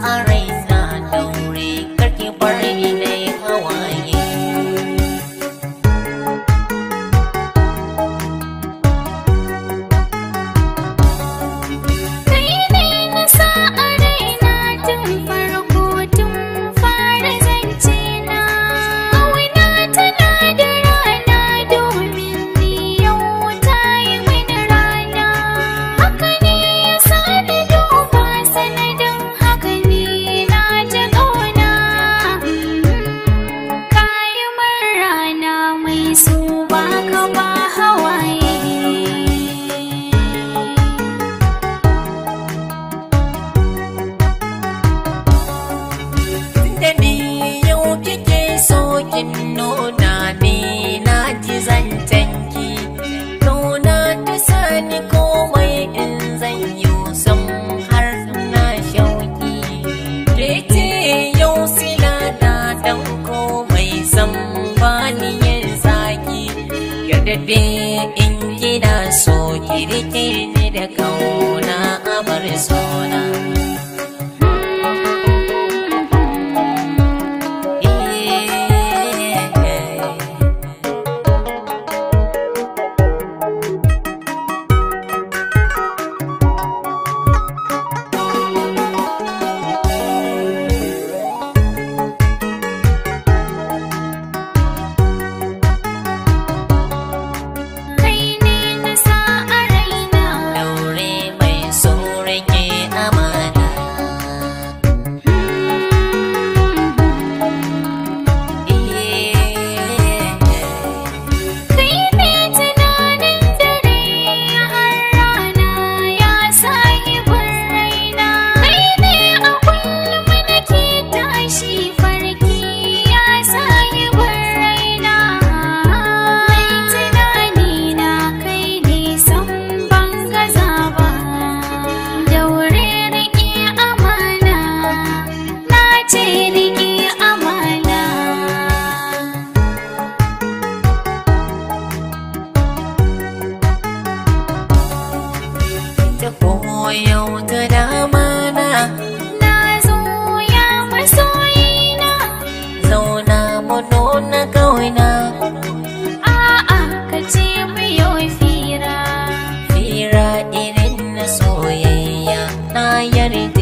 are rabe in gida so kirkir da kauna a bar sona. yau ta dama na ya masoyina zauna mu nuna kauna a'a kace mu yau fira fira irin na soyayya na yarda